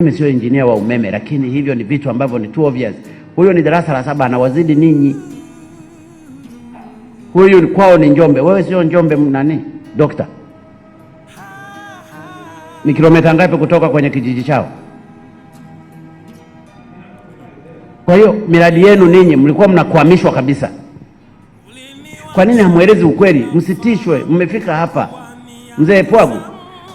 Mimi sio injinia wa umeme, lakini hivyo ni vitu ambavyo ni too obvious. Huyo ni darasa la saba, anawazidi ninyi. Huyu kwao ni Njombe, wewe sio Njombe. Nani dokta? Ni kilomita ngapi kutoka kwenye kijiji chao? Kwa hiyo miradi yenu ninyi mlikuwa mnakwamishwa kabisa. Kwa nini hamwelezi ukweli? Msitishwe, mmefika hapa. Mzee Pwagu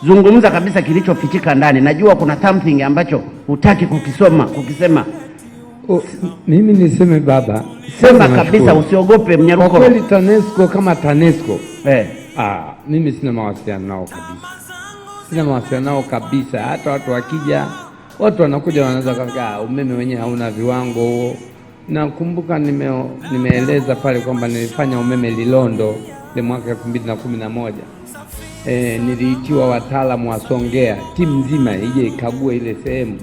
zungumza kabisa kilichofichika ndani. Najua kuna something ambacho hutaki kukisoma kukisema. O, oh, mimi niseme baba, sema kabisa, usiogope Mnyaruko. Kwa kweli TANESCO kama TANESCO eh, ah, mimi sina mawasiliano nao kabisa, sina mawasiliano nao kabisa. Hata watu wakija, watu wanakuja wanaweza kafika, ah, umeme wenyewe hauna viwango huo. Nakumbuka nime, nimeeleza pale kwamba nilifanya umeme Lilondo ile mwaka elfu mbili na kumi na moja E, niliitiwa wataalamu wa Songea, timu nzima ije ikague ile sehemu,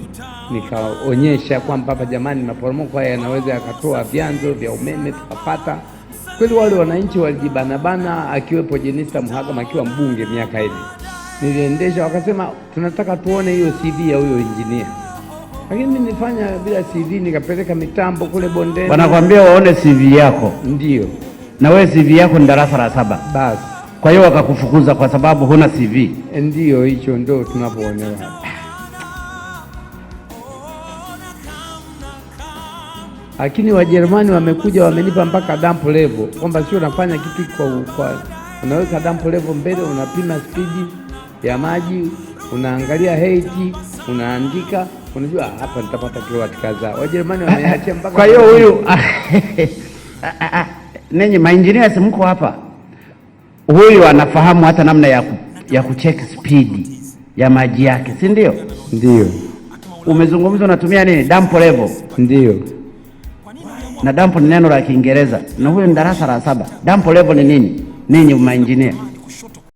nikaonyesha kwamba hapa jamani, maporomoko haya yanaweza yakatoa vyanzo vya umeme. Tukapata kweli, wale wananchi walijibanabana, akiwepo Jenista Mhagama akiwa mbunge miaka ile, niliendesha wakasema, tunataka tuone hiyo CV ya huyo injinia, lakini nilifanya bila CV, nikapeleka mitambo kule bondeni, wanakwambia waone CV yako. Ndio na wewe CV yako ni darasa la saba basi kwa hiyo wakakufukuza kwa sababu huna CV? ndio hicho ndo tunapoonewa. Lakini Wajerumani wamekuja wamenipa mpaka dump level, kwamba sio nafanya kitu kwa, kwa unaweka dump level mbele, unapima spidi ya maji, unaangalia heiti, unaandika, unajua ah, hapa nitapata kilowati kadhaa. Wajerumani wameacha mpaka. Kwa hiyo huyu ninyi mainjinia simko hapa huyu anafahamu hata namna ya, ku, ya kucheck spidi ya maji yake, si ndio? Ndio. Umezungumza unatumia nini? dump level. Ndio. Na dump ni neno la Kiingereza, na huyu ni darasa la saba. Dump level ni nini? Ninyi mainjinia